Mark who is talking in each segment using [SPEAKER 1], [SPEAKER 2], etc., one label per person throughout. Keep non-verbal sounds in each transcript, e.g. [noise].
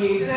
[SPEAKER 1] you.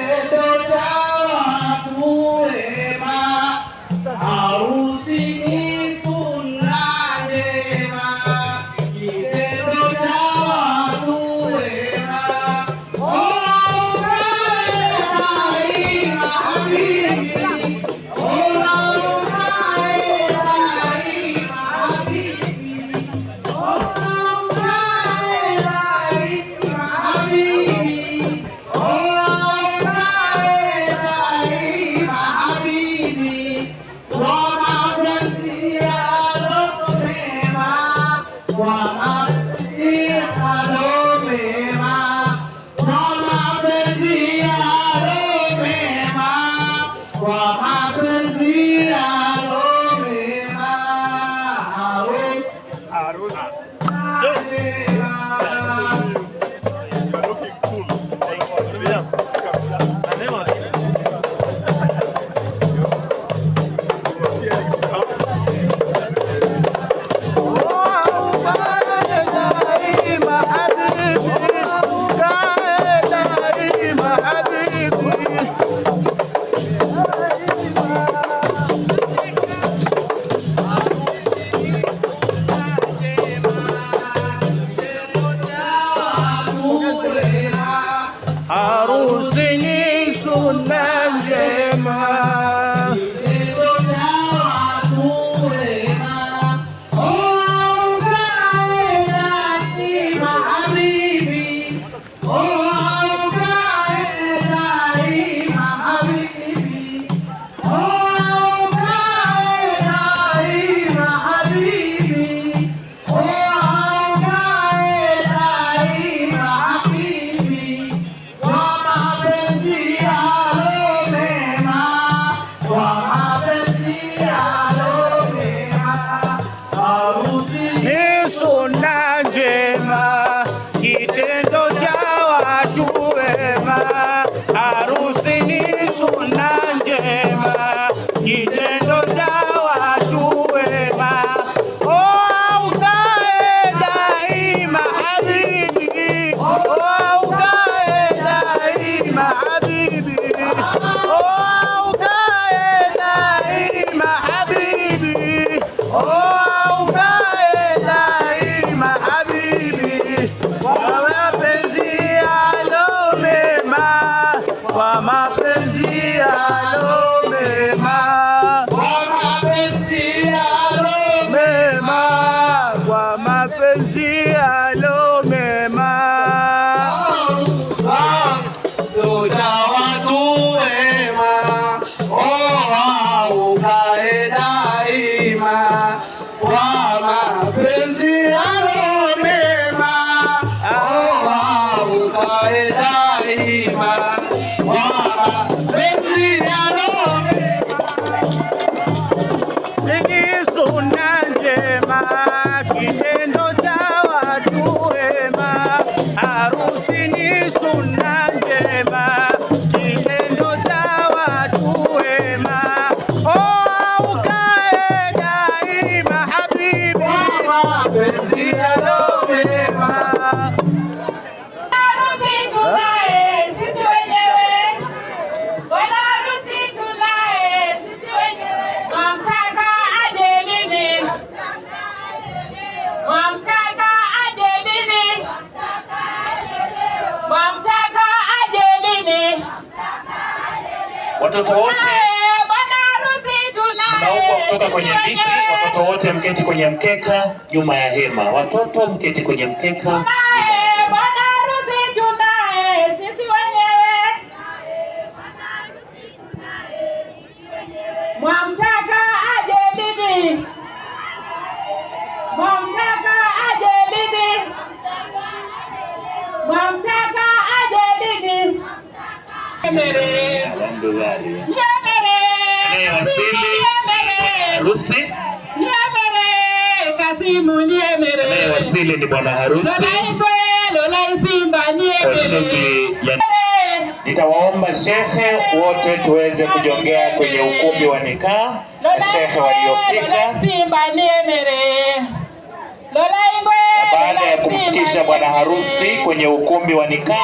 [SPEAKER 2] Chukua mtete kwenye mkeka. Bwana
[SPEAKER 3] harusi tunaye sisi wenyewe, mwamtaka aje lini? Mwamtaka aje lini? Mwamtaka aje lini? Yemere. Yemere.
[SPEAKER 2] Yemere wasili ni bwana harusi kwa shughuli ya nitawaomba shehe wote tuweze kujongea kwenye ukumbi wa nikaa na shehe waliofika. Baada ya kumfikisha bwana harusi kwenye ukumbi wa nikaa,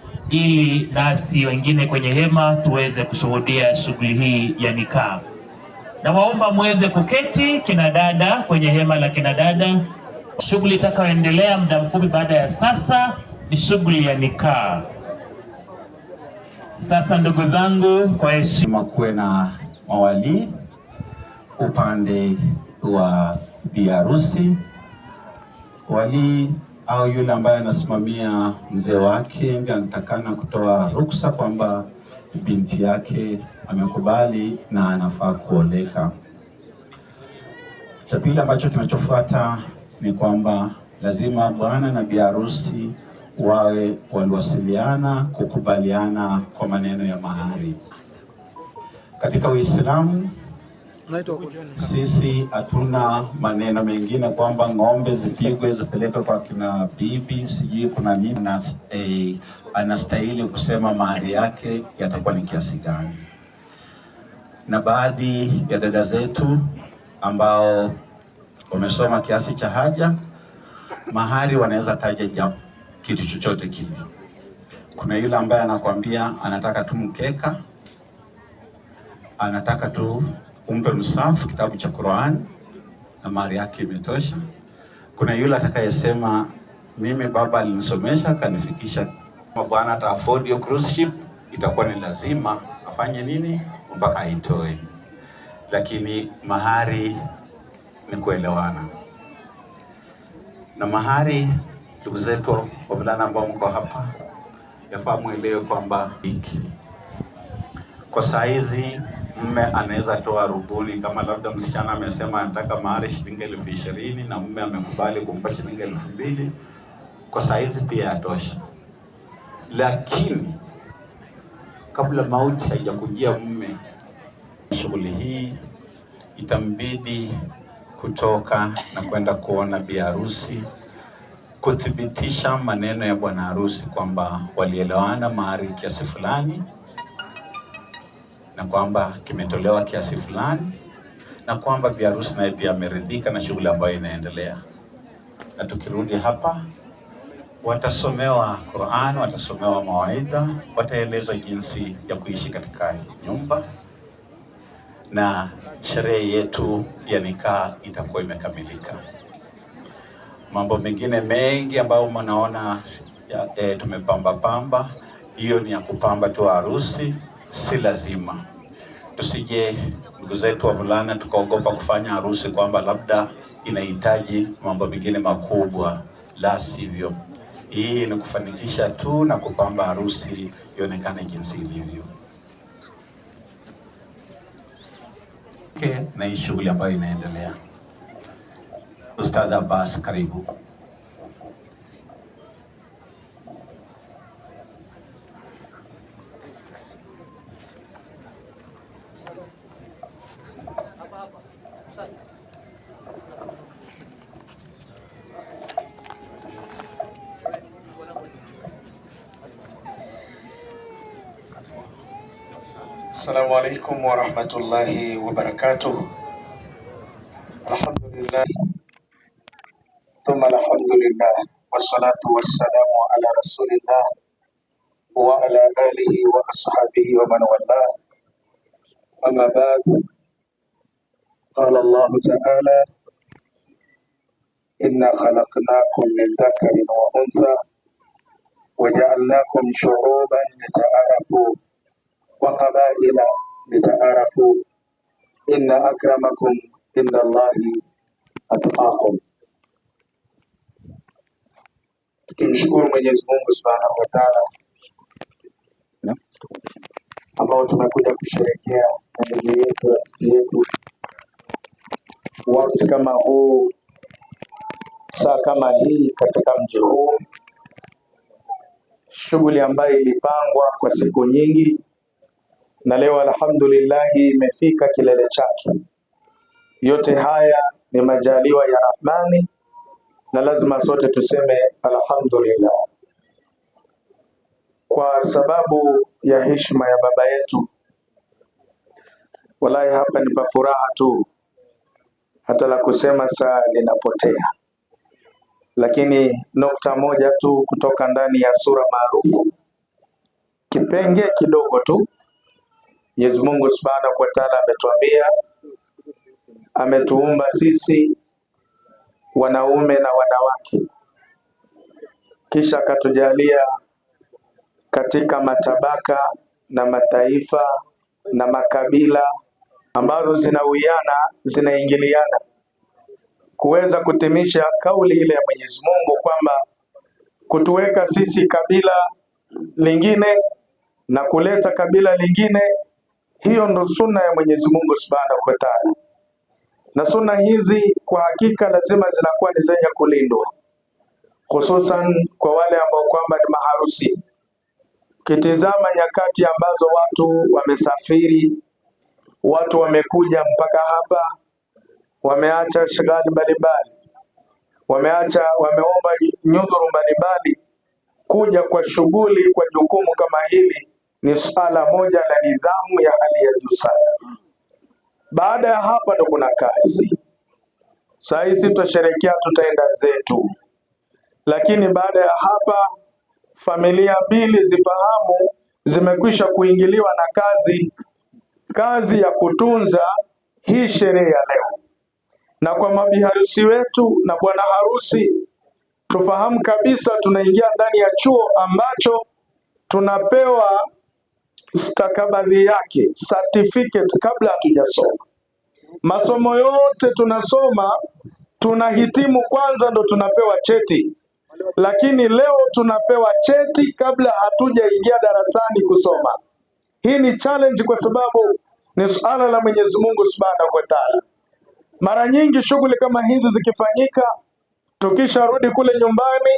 [SPEAKER 2] ili nasi wengine kwenye hema tuweze kushuhudia shughuli hii ya nikaa. Nawaomba muweze kuketi kinadada kwenye hema la kinadada. Shughuli itakayoendelea muda mfupi baada ya sasa ni shughuli ya nikaa. Sasa ndugu zangu, kwa heshima,
[SPEAKER 4] kuwe na mawali upande wa biarusi wali au yule ambaye anasimamia mzee wake ndiye anatakana kutoa ruksa kwamba binti yake amekubali na anafaa kuoleka. Cha pili ambacho kinachofuata ni kwamba lazima bwana na bi harusi wawe waliwasiliana kukubaliana kwa maneno ya mahari. Katika Uislamu sisi hatuna maneno mengine kwamba ng'ombe zipigwe zipelekwe kwa kina bibi, sijui kuna nini na eh, anastahili kusema mahari yake yatakuwa ni kiasi gani. Na baadhi ya dada zetu ambao wamesoma kiasi cha haja, mahari wanaweza taja ja kitu chochote kile. Kuna yule ambaye anakuambia anataka tu mkeka, anataka tu umpe msafu kitabu cha Qur'an na mali yake imetosha. Kuna yule atakayesema mimi baba alinisomesha akanifikisha, bwana ata afford your cruise ship, itakuwa ni lazima afanye nini mpaka aitoe. Lakini mahari ni kuelewana, na mahari, ndugu zetu wavulana ambao mko hapa, yafaa mwelewe kwamba hiki kwa saizi mme anaweza toa rubuni kama labda msichana amesema anataka mahari shilingi elfu ishirini na mme amekubali kumpa shilingi elfu mbili kwa saizi pia yatosha. Lakini kabla mauti haijakujia mme, shughuli hii itambidi kutoka na kwenda kuona bi harusi kuthibitisha maneno ya bwana harusi kwamba walielewana mahari kiasi fulani na kwamba kimetolewa kiasi fulani na kwamba biharusi naye pia ameridhika na shughuli ambayo inaendelea. Na tukirudi hapa, watasomewa Qur'an, watasomewa mawaidha, wataelezwa jinsi ya kuishi katika nyumba, na sherehe yetu ya nikaa itakuwa imekamilika. Mambo mengine mengi ambayo mnaona e, eh, tumepamba pamba, hiyo ni ya kupamba tu harusi, si lazima tusije ndugu zetu wavulana tukaogopa kufanya harusi kwamba labda inahitaji mambo mengine makubwa, la sivyo. Hii ni kufanikisha tu na kupamba harusi ionekane jinsi ilivyo. Okay, na hii shughuli ambayo inaendelea. Ustadh Abbas, karibu.
[SPEAKER 5] Assalamu alaikum warahmatullahi wabarakatuh. Alhamdulillah thumma alhamdulillah wassalatu wassalamu ala rasulillah wa ala alihi wa ashabihi wa man wala amma ba'd qala Allah ta'ala inna khalaqnakum min dhakarin wa untha wa ja'alnakum shu'uban lita'arafu waqabaila litaarafu inna akramakum inda Allahi atqakum. Tukimshukuru Mwenyezi Mungu Subhanahu wa Ta'ala ambao tunakuja kusherekea ajili yetu yetu wakati kama huu saa kama hii katika mji huu, shughuli ambayo ilipangwa kwa siku nyingi na leo alhamdulillah imefika kilele chake. Yote haya ni majaliwa ya Rahmani na lazima sote tuseme alhamdulillah, kwa sababu ya heshima ya baba yetu. Wallahi, hapa ni pa furaha tu, hata la kusema saa linapotea. Lakini nukta moja tu kutoka ndani ya sura maarufu, kipengee kidogo tu Mwenyezi Mungu Subhanahu wa Ta'ala ametuambia, ametuumba sisi wanaume na wanawake, kisha akatujalia katika matabaka na mataifa na makabila ambazo zinawiana zinaingiliana, kuweza kutimisha kauli ile ya Mwenyezi Mungu kwamba kutuweka sisi kabila lingine na kuleta kabila lingine hiyo ndo sunna ya Mwenyezi Mungu Subhanahu wa Ta'ala, na sunna hizi kwa hakika lazima zinakuwa ni zenye kulindwa, hususan kwa wale ambao kwamba ni maharusi. Kitizama nyakati ambazo watu wamesafiri, watu wamekuja mpaka hapa, wameacha shighali mbalimbali, wameacha wameomba nyudhuru mbalimbali, kuja kwa shughuli, kwa jukumu kama hili ni swala moja la nidhamu ya hali ya juu sana. Baada ya hapa ndo kuna kazi. Saa hizi tutasherekea, tutaenda zetu, lakini baada ya hapa familia mbili zifahamu zimekwisha kuingiliwa na kazi, kazi ya kutunza hii sherehe ya leo. Na kwa mabiharusi wetu na bwana harusi, tufahamu kabisa tunaingia ndani ya chuo ambacho tunapewa stakabadhi yake, certificate kabla hatujasoma. Masomo yote tunasoma, tunahitimu kwanza ndo tunapewa cheti, lakini leo tunapewa cheti kabla hatujaingia darasani kusoma. Hii ni challenge kwa sababu ni suala la Mwenyezi Mungu Subhanahu wa Ta'ala. Mara nyingi shughuli kama hizi zikifanyika, tukisharudi kule nyumbani,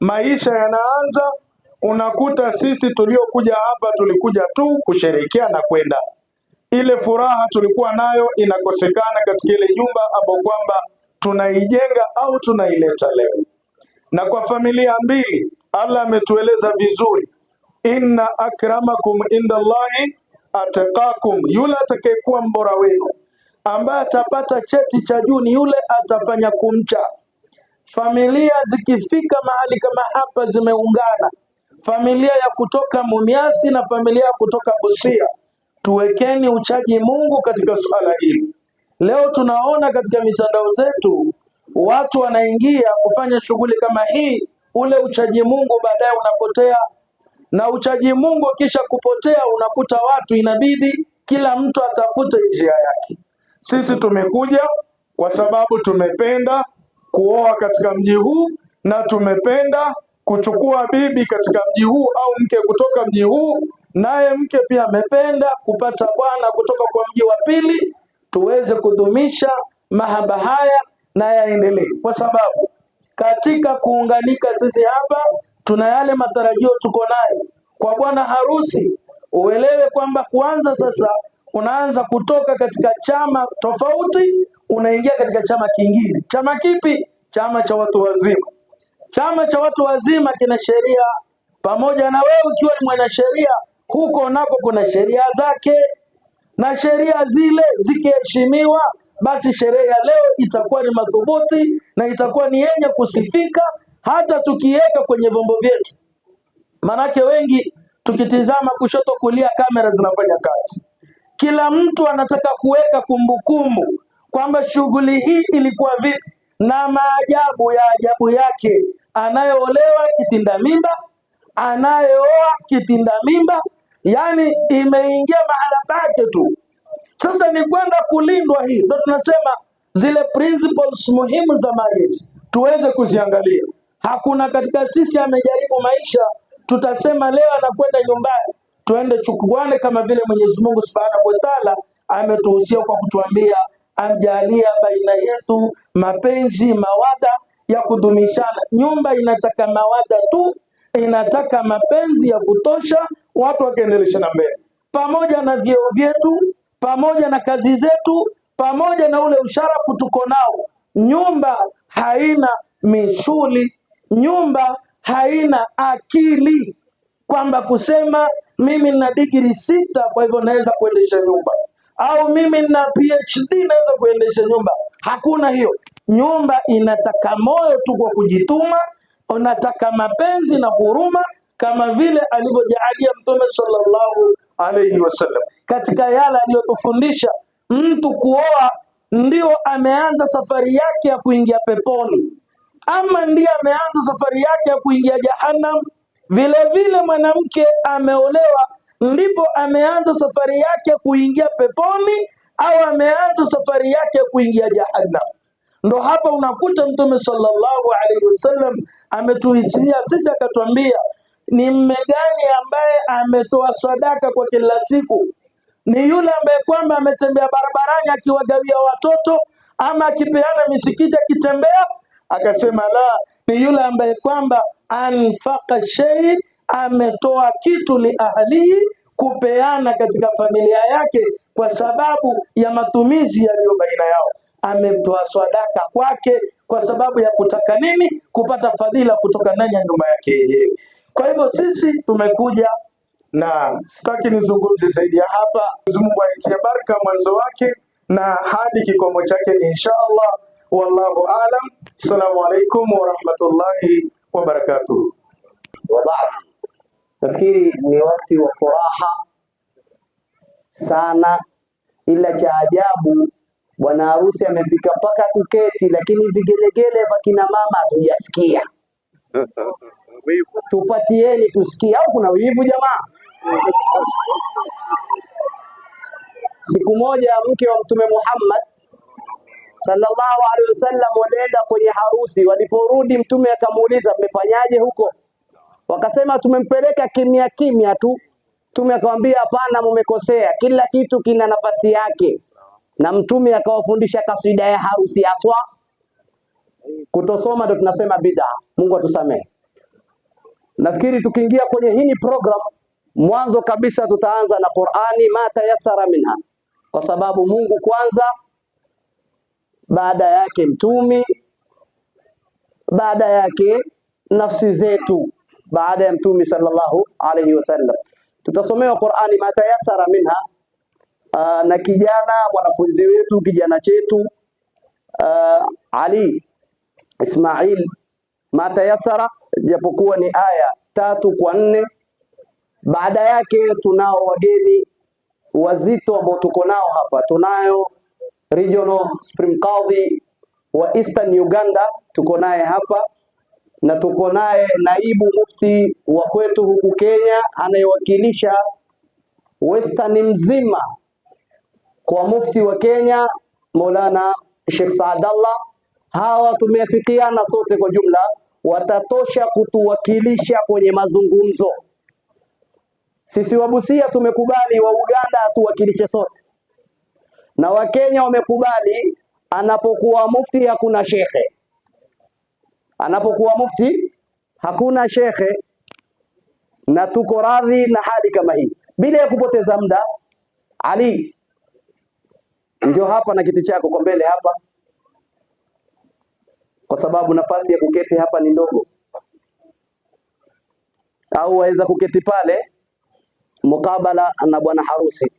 [SPEAKER 5] maisha yanaanza unakuta sisi tuliokuja hapa tulikuja tu kusherehekea na kwenda. Ile furaha tulikuwa nayo inakosekana katika ile nyumba ambayo kwamba tunaijenga au tunaileta leo. Na kwa familia mbili, Allah ametueleza vizuri, inna akramakum indallahi atakakum, yule atakayekuwa mbora wenu ambaye atapata cheti cha juu ni yule atafanya kumcha. Familia zikifika mahali kama hapa zimeungana familia ya kutoka Mumiasi na familia ya kutoka Busia, tuwekeni uchaji Mungu katika suala hili. Leo tunaona katika mitandao zetu watu wanaingia kufanya shughuli kama hii, ule uchaji Mungu baadaye unapotea, na uchaji Mungu kisha kupotea, unakuta watu inabidi kila mtu atafute njia yake. Sisi tumekuja kwa sababu tumependa kuoa katika mji huu na tumependa kuchukua bibi katika mji huu au mke kutoka mji huu, naye mke pia amependa kupata bwana kutoka kwa mji wa pili, tuweze kudumisha mahaba haya na yaendelee, kwa sababu katika kuunganika sisi hapa tuna yale matarajio tuko nayo kwa bwana harusi. Uelewe kwamba kuanza sasa, unaanza kutoka katika chama tofauti, unaingia katika chama kingine. Chama kipi? Chama cha watu wazima. Chama cha watu wazima kina sheria pamoja na wewe ukiwa ni mwanasheria, huko nako kuna sheria zake, na sheria zile zikiheshimiwa, basi sherehe ya leo itakuwa ni madhubuti na itakuwa ni yenye kusifika, hata tukiweka kwenye vyombo vyetu. Manake wengi tukitizama kushoto kulia, kamera zinafanya kazi, kila mtu anataka kuweka kumbukumbu kwamba shughuli hii ilikuwa vipi na maajabu ya ajabu yake, anayeolewa kitinda mimba, anayeoa kitinda mimba, yaani imeingia mahala pake tu. Sasa ni kwenda kulindwa, hii ndio tunasema zile principles muhimu za marriage tuweze kuziangalia. Hakuna katika sisi amejaribu maisha, tutasema leo anakwenda nyumbani, tuende chukuane, kama vile Mwenyezi Mungu Subhanahu wa Ta'ala ametuhusia kwa kutuambia ajalia baina yetu mapenzi, mawada ya kudumishana. Nyumba inataka mawada tu, inataka mapenzi ya kutosha, watu na mbele, pamoja na vyeo vyetu, pamoja na kazi zetu, pamoja na ule usharafu tuko nao. Nyumba haina misuli, nyumba haina akili, kwamba kusema mimi nina digiri sita, kwa hivyo naweza kuendesha nyumba au mimi nina PhD naweza kuendesha nyumba. Hakuna hiyo. Nyumba inataka moyo tu kwa kujituma, unataka mapenzi na huruma, kama vile alivyojaalia Mtume sallallahu alaihi wasallam katika yale aliyotufundisha. Mtu kuoa ndio ameanza safari yake ya kuingia peponi, ama ndiye ameanza safari yake ya kuingia jahannam. Vilevile mwanamke ameolewa ndipo ameanza safari yake kuingia peponi au ameanza safari yake kuingia jahannam. Ndo hapa unakuta Mtume sallallahu alaihi wasallam ametuhisia sisi, akatuambia ni mme gani ambaye ametoa sadaka kwa kila siku? Ni yule ambaye kwamba ametembea barabarani akiwagawia watoto ama akipeana misikiti akitembea? Akasema la, ni yule ambaye kwamba anfaqa shay ametoa kitu liahlihi, kupeana katika familia yake kwa sababu ya matumizi yaliyo baina yao. Amemtoa sadaka kwake kwa sababu ya kutaka nini? Kupata fadhila kutoka ndani ya nyumba yake yenyewe. Kwa hivyo sisi tumekuja na sitaki nizungumze zaidi ya hapa. Mwenyezi Mungu aitie baraka mwanzo wake na hadi kikomo chake insha Allah. Wallahu aalam. Assalamu alaikum warahmatullahi wabarakatuh.
[SPEAKER 6] Nafikiri ni wakati wa furaha sana, ila cha ajabu bwana harusi amefika mpaka kuketi, lakini vigelegele vya kina mama hatujasikia. [laughs] Tupatieni tusikie, au kuna wivu jamaa? Siku moja mke wa Mtume Muhammad sallallahu alaihi wasallam walienda kwenye harusi. Waliporudi, Mtume akamuuliza mmefanyaje huko? Wakasema tumempeleka kimya kimya tu. Mtume akawambia hapana, mumekosea, kila kitu kina nafasi yake. Na mtume akawafundisha kasida ya harusi aswa. Kutosoma ndo tunasema bidaa. Mungu atusamehe. Nafikiri tukiingia kwenye hii program mwanzo kabisa tutaanza na Qur'ani ma tayassara minha, kwa sababu Mungu kwanza, baada yake mtume, baada yake nafsi zetu baada ya Mtume sallallahu alaihi wasallam. Tutasomewa Qur'ani matayasara minha. Aa, uh, na kijana mwanafunzi wetu kijana chetu aa, uh, Ali Ismail matayasara, japokuwa ni aya tatu kwa nne. Baada yake tunao wageni wazito ambao tuko nao hapa. Tunayo Regional Supreme Qadhi wa Eastern Uganda tuko naye hapa na tuko naye naibu mufti wa kwetu huku Kenya anayewakilisha Western mzima kwa mufti wa Kenya Maulana Sheikh Saadallah. Hawa tumeafikiana sote kwa jumla watatosha kutuwakilisha kwenye mazungumzo. Sisi Wabusia tumekubali, wa Uganda atuwakilishe sote, na Wakenya wamekubali, anapokuwa mufti hakuna shekhe Anapokuwa mufti hakuna shekhe, na tuko radhi na hali kama hii. Bila ya kupoteza muda, Ali, ndio hapa na kiti chako kwa mbele hapa, kwa sababu nafasi ya kuketi hapa ni ndogo, au waweza kuketi pale mukabala na bwana harusi.